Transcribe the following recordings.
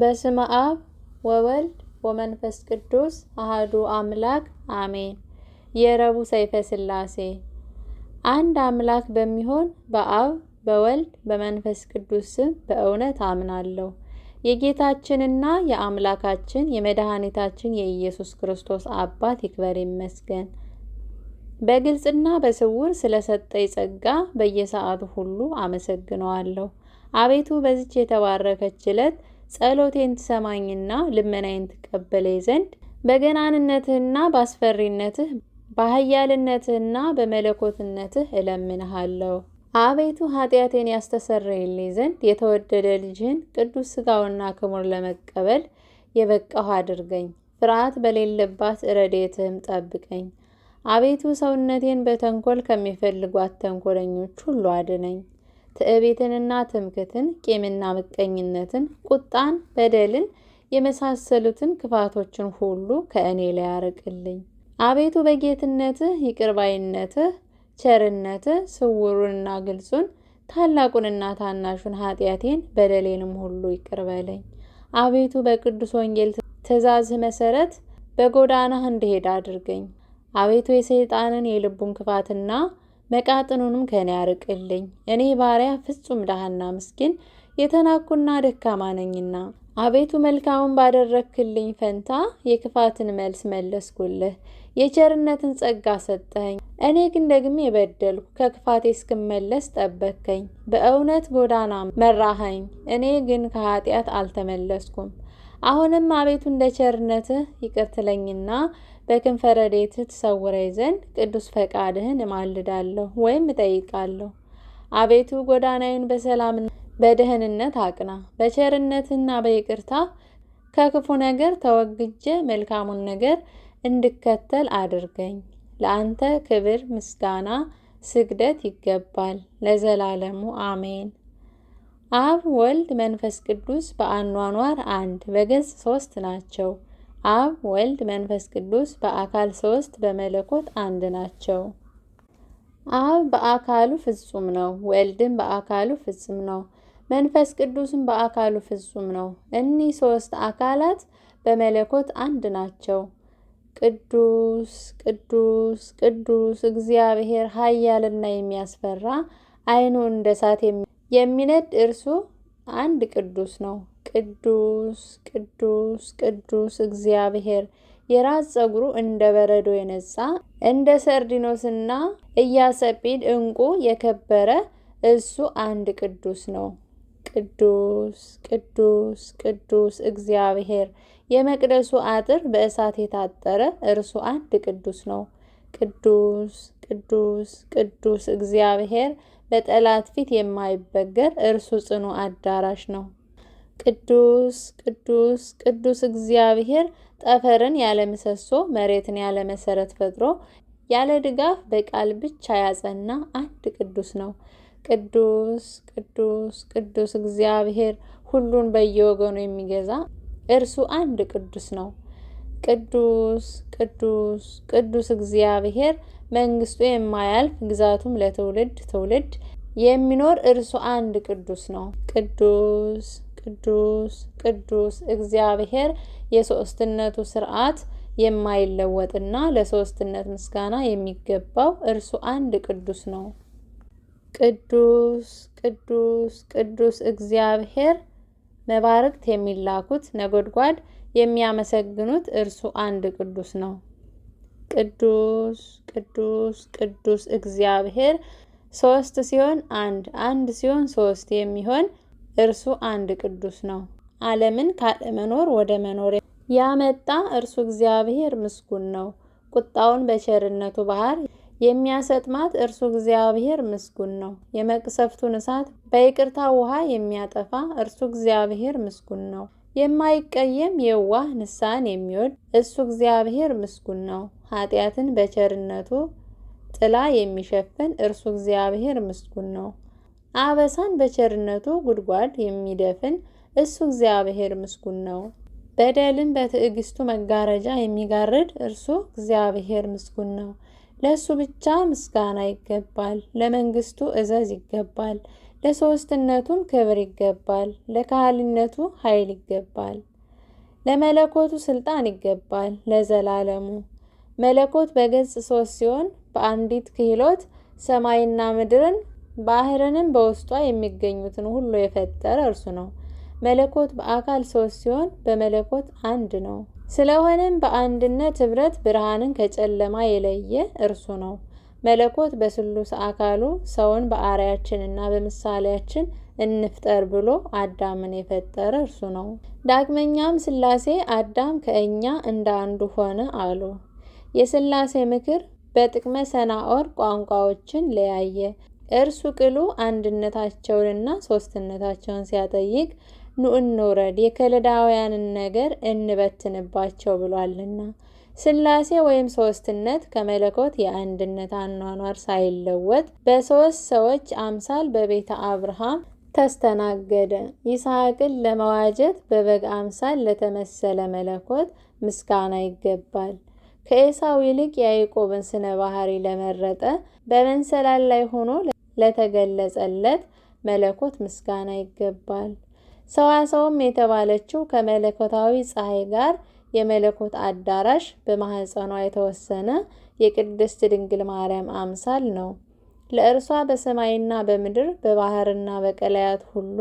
በስመ አብ ወወልድ ወመንፈስ ቅዱስ አህዱ አምላክ አሜን። የረቡዕ ሰይፈ ሥላሴ አንድ አምላክ በሚሆን በአብ በወልድ በመንፈስ ቅዱስ ስም በእውነት አምናለሁ። የጌታችንና የአምላካችን የመድኃኒታችን የኢየሱስ ክርስቶስ አባት ይክበር ይመስገን። በግልጽና በስውር ስለሰጠኝ ጸጋ በየሰዓቱ ሁሉ አመሰግነዋለሁ። አቤቱ በዚች የተባረከች ዕለት ጸሎቴን ትሰማኝና ልመናዬን ትቀበለኝ ዘንድ በገናንነትህና በአስፈሪነትህ በኃያልነትህና በመለኮትነትህ እለምንሃለሁ። አቤቱ ኃጢአቴን ያስተሰረይልኝ ዘንድ የተወደደ ልጅህን ቅዱስ ሥጋውና ክሙር ለመቀበል የበቃሁ አድርገኝ። ፍርሃት በሌለባት እረዴትህም ጠብቀኝ። አቤቱ ሰውነቴን በተንኮል ከሚፈልጓት ተንኮለኞች ሁሉ አድነኝ። ትዕቢትንና ትምክትን፣ ቂምና ምቀኝነትን፣ ቁጣን፣ በደልን የመሳሰሉትን ክፋቶችን ሁሉ ከእኔ ላይ አርቅልኝ አቤቱ በጌትነትህ ይቅርባይነትህ፣ ቸርነትህ ስውሩንና ግልጹን ታላቁንና ታናሹን ኃጢአቴን በደሌንም ሁሉ ይቅርበለኝ። አቤቱ በቅዱስ ወንጌል ትእዛዝህ መሰረት በጎዳናህ እንድሄድ አድርገኝ። አቤቱ የሰይጣንን የልቡን ክፋትና መቃጥኑንም ከእኔ አርቅልኝ። እኔ ባሪያ ፍጹም ዳህና ምስኪን የተናኩና ደካማ ነኝና፣ አቤቱ መልካሙን ባደረግክልኝ ፈንታ የክፋትን መልስ መለስኩልህ። የቸርነትን ጸጋ ሰጠኸኝ፣ እኔ ግን ደግሜ የበደልኩ። ከክፋቴ እስክመለስ ጠበከኝ፣ በእውነት ጎዳና መራኸኝ፣ እኔ ግን ከኃጢአት አልተመለስኩም። አሁንም አቤቱ እንደ ቸርነትህ ይቅርትለኝና በክንፈ ረድኤትህ ትሰውረኝ ዘንድ ቅዱስ ፈቃድህን እማልዳለሁ ወይም እጠይቃለሁ። አቤቱ ጎዳናዬን በሰላም በደህንነት አቅና። በቸርነትና በይቅርታ ከክፉ ነገር ተወግጄ መልካሙን ነገር እንድከተል አድርገኝ። ለአንተ ክብር፣ ምስጋና፣ ስግደት ይገባል ለዘላለሙ አሜን። አብ ወልድ መንፈስ ቅዱስ በአኗኗር አንድ በገጽ ሶስት ናቸው። አብ ወልድ መንፈስ ቅዱስ በአካል ሶስት በመለኮት አንድ ናቸው። አብ በአካሉ ፍጹም ነው። ወልድም በአካሉ ፍጹም ነው። መንፈስ ቅዱስም በአካሉ ፍጹም ነው። እኒህ ሶስት አካላት በመለኮት አንድ ናቸው። ቅዱስ ቅዱስ ቅዱስ እግዚአብሔር ኃያልና የሚያስፈራ ዓይኑ እንደ እሳት የሚነድ እርሱ አንድ ቅዱስ ነው። ቅዱስ ቅዱስ ቅዱስ እግዚአብሔር የራስ ጸጉሩ እንደ በረዶ የነጻ እንደ ሰርዲኖስና እያሰጲድ እንቁ የከበረ እሱ አንድ ቅዱስ ነው። ቅዱስ ቅዱስ ቅዱስ እግዚአብሔር የመቅደሱ አጥር በእሳት የታጠረ እርሱ አንድ ቅዱስ ነው። ቅዱስ ቅዱስ ቅዱስ እግዚአብሔር በጠላት ፊት የማይበገር እርሱ ጽኑ አዳራሽ ነው። ቅዱስ ቅዱስ ቅዱስ እግዚአብሔር ጠፈርን ያለ ምሰሶ መሬትን ያለ መሰረት ፈጥሮ ያለ ድጋፍ በቃል ብቻ ያጸና አንድ ቅዱስ ነው። ቅዱስ ቅዱስ ቅዱስ እግዚአብሔር ሁሉን በየወገኑ የሚገዛ እርሱ አንድ ቅዱስ ነው። ቅዱስ ቅዱስ ቅዱስ እግዚአብሔር መንግስቱ የማያልፍ ግዛቱም ለትውልድ ትውልድ የሚኖር እርሱ አንድ ቅዱስ ነው። ቅዱስ ቅዱስ ቅዱስ እግዚአብሔር የሶስትነቱ ስርዓት የማይለወጥና ለሶስትነት ምስጋና የሚገባው እርሱ አንድ ቅዱስ ነው። ቅዱስ ቅዱስ ቅዱስ እግዚአብሔር መባርክት የሚላኩት ነጎድጓድ የሚያመሰግኑት እርሱ አንድ ቅዱስ ነው። ቅዱስ ቅዱስ ቅዱስ እግዚአብሔር ሶስት ሲሆን አንድ አንድ ሲሆን ሶስት የሚሆን እርሱ አንድ ቅዱስ ነው። ዓለምን ካለመኖር ወደ መኖር ያመጣ እርሱ እግዚአብሔር ምስጉን ነው። ቁጣውን በቸርነቱ ባህር የሚያሰጥማት እርሱ እግዚአብሔር ምስጉን ነው። የመቅሰፍቱን እሳት በይቅርታ ውሃ የሚያጠፋ እርሱ እግዚአብሔር ምስጉን ነው። የማይቀየም የዋህ ንስሐን የሚወድ እሱ እግዚአብሔር ምስጉን ነው። ኃጢአትን በቸርነቱ ጥላ የሚሸፍን እርሱ እግዚአብሔር ምስጉን ነው። አበሳን በቸርነቱ ጉድጓድ የሚደፍን እሱ እግዚአብሔር ምስጉን ነው። በደልን በትዕግስቱ መጋረጃ የሚጋርድ እርሱ እግዚአብሔር ምስጉን ነው። ለእሱ ብቻ ምስጋና ይገባል። ለመንግስቱ እዘዝ ይገባል። ለሶስትነቱም ክብር ይገባል። ለካህሊነቱ ኃይል ይገባል። ለመለኮቱ ስልጣን ይገባል ለዘላለሙ። መለኮት በገጽ ሶስት ሲሆን በአንዲት ክህሎት ሰማይና ምድርን ባህርንም በውስጧ የሚገኙትን ሁሉ የፈጠረ እርሱ ነው። መለኮት በአካል ሶስት ሲሆን በመለኮት አንድ ነው። ስለሆነም በአንድነት ህብረት ብርሃንን ከጨለማ የለየ እርሱ ነው። መለኮት በስሉስ አካሉ ሰውን በአርያችንና በምሳሌያችን እንፍጠር ብሎ አዳምን የፈጠረ እርሱ ነው። ዳግመኛም ስላሴ አዳም ከእኛ እንደ አንዱ ሆነ አሉ። የስላሴ ምክር በጥቅመ ሰናኦር ቋንቋዎችን ለያየ። እርሱ ቅሉ አንድነታቸውንና ሶስትነታቸውን ሲያጠይቅ ኑ እንውረድ የከለዳውያንን ነገር እንበትንባቸው ብሏልና። ስላሴ ወይም ሶስትነት ከመለኮት የአንድነት አኗኗር ሳይለወጥ በሶስት ሰዎች አምሳል በቤተ አብርሃም ተስተናገደ። ይስሐቅን ለመዋጀት በበግ አምሳል ለተመሰለ መለኮት ምስጋና ይገባል። ከኤሳው ይልቅ ያዕቆብን ስነ ባህሪ ለመረጠ በመንሰላል ላይ ሆኖ ለተገለጸለት መለኮት ምስጋና ይገባል። ሰዋሰውም የተባለችው ከመለኮታዊ ፀሐይ ጋር የመለኮት አዳራሽ በማህፀኗ የተወሰነ የቅድስት ድንግል ማርያም አምሳል ነው። ለእርሷ በሰማይና በምድር በባህርና በቀላያት ሁሉ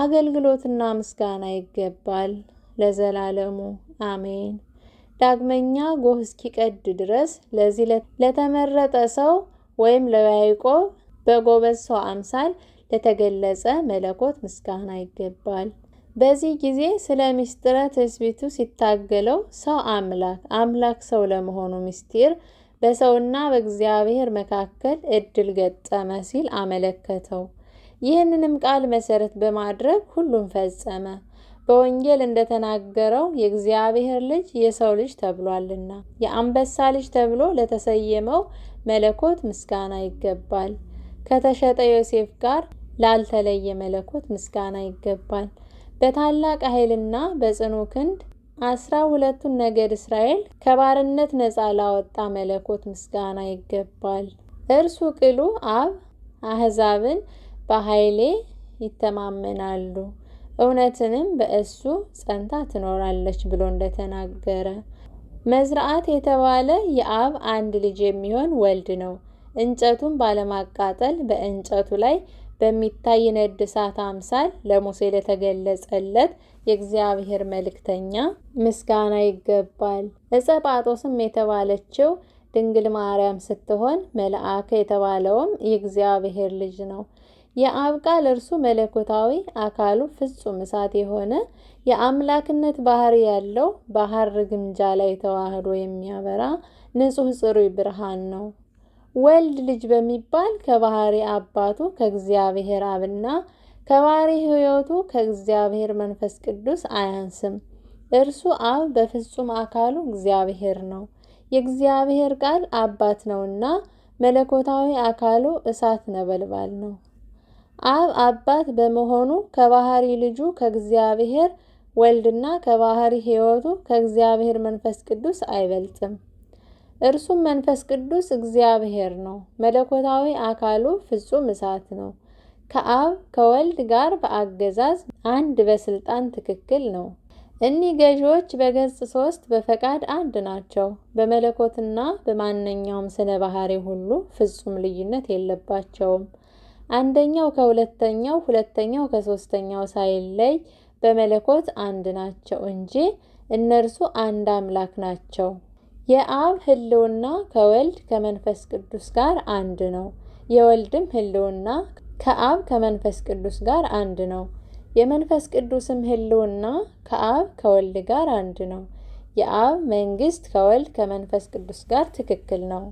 አገልግሎትና ምስጋና ይገባል ለዘላለሙ አሜን። ዳግመኛ ጎህ እስኪቀድ ድረስ ለዚህ ለተመረጠ ሰው ወይም ለያዕቆብ በጎበዝ ሰው አምሳል ለተገለጸ መለኮት ምስጋና ይገባል። በዚህ ጊዜ ስለ ምስጢረ ትስብእቱ ሲታገለው ሰው አምላክ አምላክ ሰው ለመሆኑ ምስጢር በሰውና በእግዚአብሔር መካከል እድል ገጠመ ሲል አመለከተው። ይህንንም ቃል መሰረት በማድረግ ሁሉም ፈጸመ። በወንጌል እንደተናገረው የእግዚአብሔር ልጅ የሰው ልጅ ተብሏልና የአንበሳ ልጅ ተብሎ ለተሰየመው መለኮት ምስጋና ይገባል። ከተሸጠ ዮሴፍ ጋር ላልተለየ መለኮት ምስጋና ይገባል። በታላቅ ኃይልና በጽኑ ክንድ አስራ ሁለቱን ነገድ እስራኤል ከባርነት ነፃ ላወጣ መለኮት ምስጋና ይገባል። እርሱ ቅሉ አብ አህዛብን በኃይሌ ይተማመናሉ እውነትንም በእሱ ጸንታ ትኖራለች ብሎ እንደተናገረ መዝራት የተባለ የአብ አንድ ልጅ የሚሆን ወልድ ነው። እንጨቱን ባለማቃጠል በእንጨቱ ላይ በሚታይ ነድ እሳት አምሳል ለሙሴ ለተገለጸለት የእግዚአብሔር መልእክተኛ ምስጋና ይገባል። ዕፀ ጳጦስም የተባለችው ድንግል ማርያም ስትሆን መልአከ የተባለውም የእግዚአብሔር ልጅ ነው። የአብ ቃል እርሱ መለኮታዊ አካሉ ፍጹም እሳት የሆነ የአምላክነት ባህሪ ያለው ባህር ግምጃ ላይ ተዋህዶ የሚያበራ ንጹሕ ጽሩይ ብርሃን ነው። ወልድ ልጅ በሚባል ከባህሪ አባቱ ከእግዚአብሔር አብና ከባህሪ ሕይወቱ ከእግዚአብሔር መንፈስ ቅዱስ አያንስም። እርሱ አብ በፍጹም አካሉ እግዚአብሔር ነው። የእግዚአብሔር ቃል አባት ነውና መለኮታዊ አካሉ እሳት ነበልባል ነው። አብ አባት በመሆኑ ከባህሪ ልጁ ከእግዚአብሔር ወልድና ከባህሪ ሕይወቱ ከእግዚአብሔር መንፈስ ቅዱስ አይበልጥም። እርሱም መንፈስ ቅዱስ እግዚአብሔር ነው። መለኮታዊ አካሉ ፍጹም እሳት ነው። ከአብ ከወልድ ጋር በአገዛዝ አንድ፣ በስልጣን ትክክል ነው። እኒህ ገዢዎች በገጽ ሶስት በፈቃድ አንድ ናቸው። በመለኮትና በማንኛውም ስነ ባህሪ ሁሉ ፍጹም ልዩነት የለባቸውም። አንደኛው ከሁለተኛው፣ ሁለተኛው ከሶስተኛው ሳይለይ በመለኮት አንድ ናቸው እንጂ እነርሱ አንድ አምላክ ናቸው። የአብ ህልውና ከወልድ ከመንፈስ ቅዱስ ጋር አንድ ነው። የወልድም ህልውና ከአብ ከመንፈስ ቅዱስ ጋር አንድ ነው። የመንፈስ ቅዱስም ህልውና ከአብ ከወልድ ጋር አንድ ነው። የአብ መንግስት ከወልድ ከመንፈስ ቅዱስ ጋር ትክክል ነው።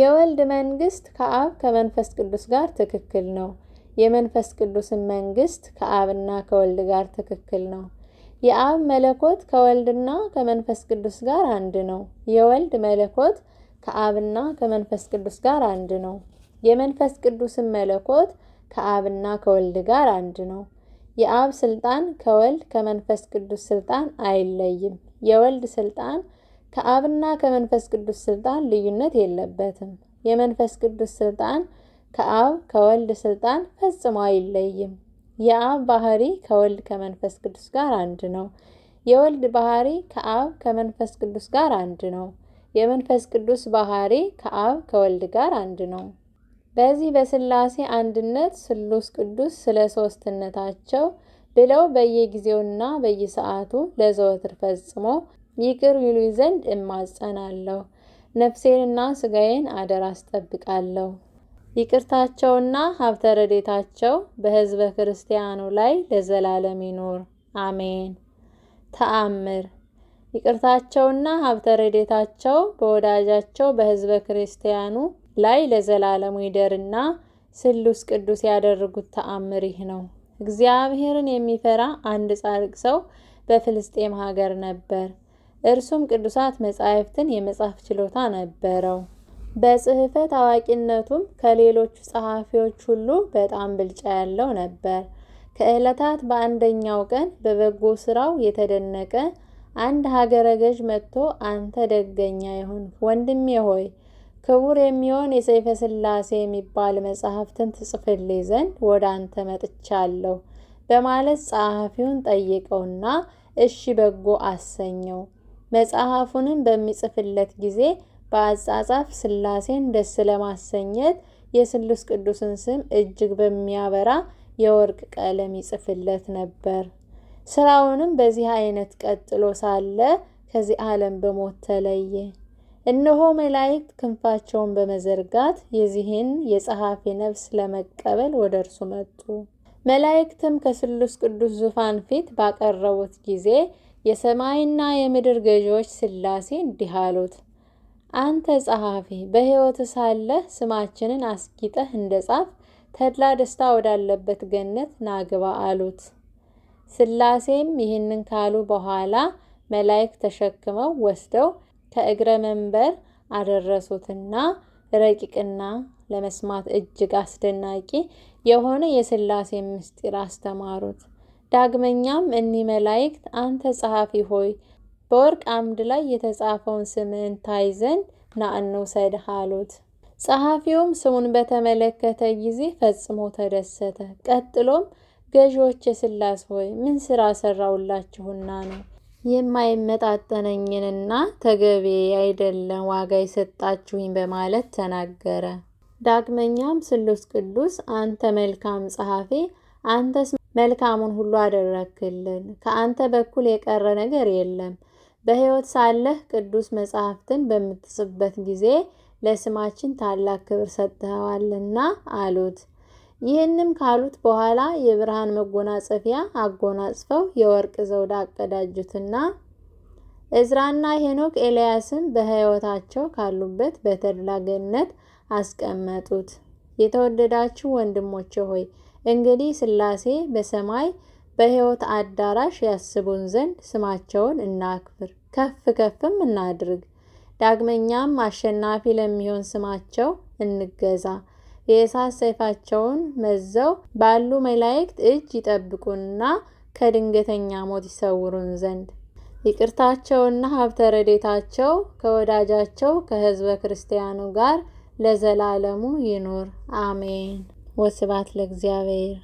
የወልድ መንግስት ከአብ ከመንፈስ ቅዱስ ጋር ትክክል ነው። የመንፈስ ቅዱስም መንግስት ከአብና ከወልድ ጋር ትክክል ነው። የአብ መለኮት ከወልድና ከመንፈስ ቅዱስ ጋር አንድ ነው። የወልድ መለኮት ከአብና ከመንፈስ ቅዱስ ጋር አንድ ነው። የመንፈስ ቅዱስን መለኮት ከአብና ከወልድ ጋር አንድ ነው። የአብ ስልጣን ከወልድ ከመንፈስ ቅዱስ ስልጣን አይለይም። የወልድ ስልጣን ከአብና ከመንፈስ ቅዱስ ስልጣን ልዩነት የለበትም። የመንፈስ ቅዱስ ስልጣን ከአብ ከወልድ ስልጣን ፈጽሞ አይለይም። የአብ ባህሪ ከወልድ ከመንፈስ ቅዱስ ጋር አንድ ነው። የወልድ ባህሪ ከአብ ከመንፈስ ቅዱስ ጋር አንድ ነው። የመንፈስ ቅዱስ ባህሪ ከአብ ከወልድ ጋር አንድ ነው። በዚህ በስላሴ አንድነት ስሉስ ቅዱስ ስለ ሶስትነታቸው ብለው በየጊዜውና በየሰዓቱ ለዘወትር ፈጽሞ ይቅር ይሉኝ ዘንድ እማጸናለሁ። ነፍሴንና ስጋዬን አደራ አስጠብቃለሁ። ይቅርታቸውና ሀብተ ረዴታቸው በሕዝበ ክርስቲያኑ ላይ ለዘላለም ይኑር አሜን። ተአምር ይቅርታቸውና ሀብተ ረዴታቸው በወዳጃቸው በሕዝበ ክርስቲያኑ ላይ ለዘላለሙ ይደርና ስሉስ ቅዱስ ያደረጉት ተአምር ይህ ነው። እግዚአብሔርን የሚፈራ አንድ ጻድቅ ሰው በፍልስጤም ሀገር ነበር። እርሱም ቅዱሳት መጻሕፍትን የመጻፍ ችሎታ ነበረው። በጽህፈት አዋቂነቱም ከሌሎቹ ጸሐፊዎች ሁሉ በጣም ብልጫ ያለው ነበር። ከዕለታት በአንደኛው ቀን በበጎ ስራው የተደነቀ አንድ ሀገረ ገዥ መጥቶ አንተ ደገኛ ይሁን ወንድሜ ሆይ ክቡር የሚሆን የሰይፈ ስላሴ የሚባል መጽሐፍትን ትጽፍልኝ ዘንድ ወደ አንተ መጥቻለሁ በማለት ጸሐፊውን ጠየቀውና እሺ በጎ አሰኘው። መጽሐፉንም በሚጽፍለት ጊዜ በአጻጻፍ ስላሴን ደስ ለማሰኘት የስሉስ ቅዱስን ስም እጅግ በሚያበራ የወርቅ ቀለም ይጽፍለት ነበር። ስራውንም በዚህ አይነት ቀጥሎ ሳለ ከዚህ ዓለም በሞት ተለየ። እነሆ መላእክት ክንፋቸውን በመዘርጋት የዚህን የጸሐፊ ነፍስ ለመቀበል ወደ እርሱ መጡ። መላእክትም ከስሉስ ቅዱስ ዙፋን ፊት ባቀረቡት ጊዜ የሰማይና የምድር ገዢዎች ስላሴ እንዲህ አሉት፦ አንተ ጸሐፊ በሕይወት ሳለህ ስማችንን አስጊጠህ እንደ ጻፍ ተድላ ደስታ ወዳለበት ገነት ናግባ አሉት። ስላሴም ይህንን ካሉ በኋላ መላይክ ተሸክመው ወስደው ከእግረ መንበር አደረሱትና ረቂቅና ለመስማት እጅግ አስደናቂ የሆነ የስላሴ ምስጢር አስተማሩት። ዳግመኛም እኒህ መላእክት አንተ ጸሐፊ ሆይ በወርቅ አምድ ላይ የተጻፈውን ስምህን ታይ ዘንድ ና እንውሰድህ አሉት። ጸሐፊውም ስሙን በተመለከተ ጊዜ ፈጽሞ ተደሰተ። ቀጥሎም ገዢዎች የስላሴ ሆይ ምን ስራ ሰራውላችሁና ነው የማይመጣጠነኝንና ተገቢ አይደለም ዋጋ የሰጣችሁኝ በማለት ተናገረ። ዳግመኛም ስሉስ ቅዱስ አንተ መልካም ጸሐፊ፣ አንተስ መልካሙን ሁሉ አደረክልን፣ ከአንተ በኩል የቀረ ነገር የለም በሕይወት ሳለህ ቅዱስ መጻሕፍትን በምትጽፍበት ጊዜ ለስማችን ታላቅ ክብር ሰጥተዋልና አሉት። ይህንም ካሉት በኋላ የብርሃን መጎናጸፊያ አጎናጽፈው የወርቅ ዘውድ አቀዳጁትና እዝራና ሄኖክ ኤልያስን በሕይወታቸው ካሉበት በተድላ ገነት አስቀመጡት። የተወደዳችሁ ወንድሞቼ ሆይ እንግዲህ ሥላሴ በሰማይ በሕይወት አዳራሽ ያስቡን ዘንድ ስማቸውን እናክብር። ከፍ ከፍም እናድርግ። ዳግመኛም አሸናፊ ለሚሆን ስማቸው እንገዛ። የእሳት ሰይፋቸውን መዘው ባሉ መላእክት እጅ ይጠብቁንና ከድንገተኛ ሞት ይሰውሩን ዘንድ ይቅርታቸውና ሀብተ ረዴታቸው ከወዳጃቸው ከሕዝበ ክርስቲያኑ ጋር ለዘላለሙ ይኑር አሜን። ወስባት ለእግዚአብሔር።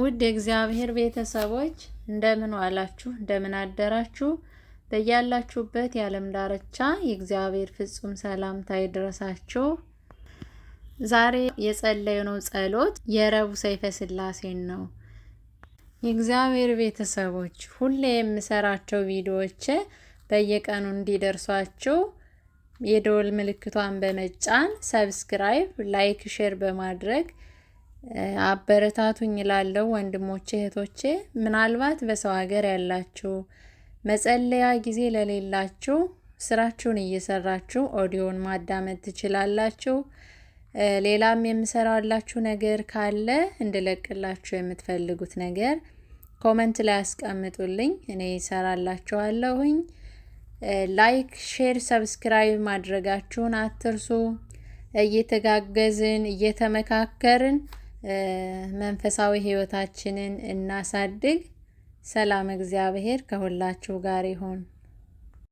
ውድ የእግዚአብሔር ቤተሰቦች እንደምን ዋላችሁ? እንደምን አደራችሁ? በያላችሁበት የዓለም ዳርቻ የእግዚአብሔር ፍጹም ሰላምታ ይድረሳችሁ። ዛሬ የጸለይነው ጸሎት የረቡዕ ሰይፈ ስላሴን ነው። የእግዚአብሔር ቤተሰቦች ሁሌ የምሰራቸው ቪዲዮዎች በየቀኑ እንዲደርሷችሁ የደወል ምልክቷን በመጫን ሰብስክራይብ፣ ላይክ፣ ሼር በማድረግ አበረታቱኝ እላለሁ። ወንድሞቼ እህቶቼ፣ ምናልባት በሰው ሀገር ያላችሁ መጸለያ ጊዜ ለሌላችሁ ስራችሁን እየሰራችሁ ኦዲዮን ማዳመጥ ትችላላችሁ። ሌላም የምሰራላችሁ ነገር ካለ እንድለቅላችሁ የምትፈልጉት ነገር ኮመንት ላይ አስቀምጡልኝ፣ እኔ ይሰራላችኋለሁኝ። ላይክ፣ ሼር፣ ሰብስክራይብ ማድረጋችሁን አትርሱ። እየተጋገዝን እየተመካከርን መንፈሳዊ ህይወታችንን እናሳድግ። ሰላም እግዚአብሔር ከሁላችሁ ጋር ይሁን።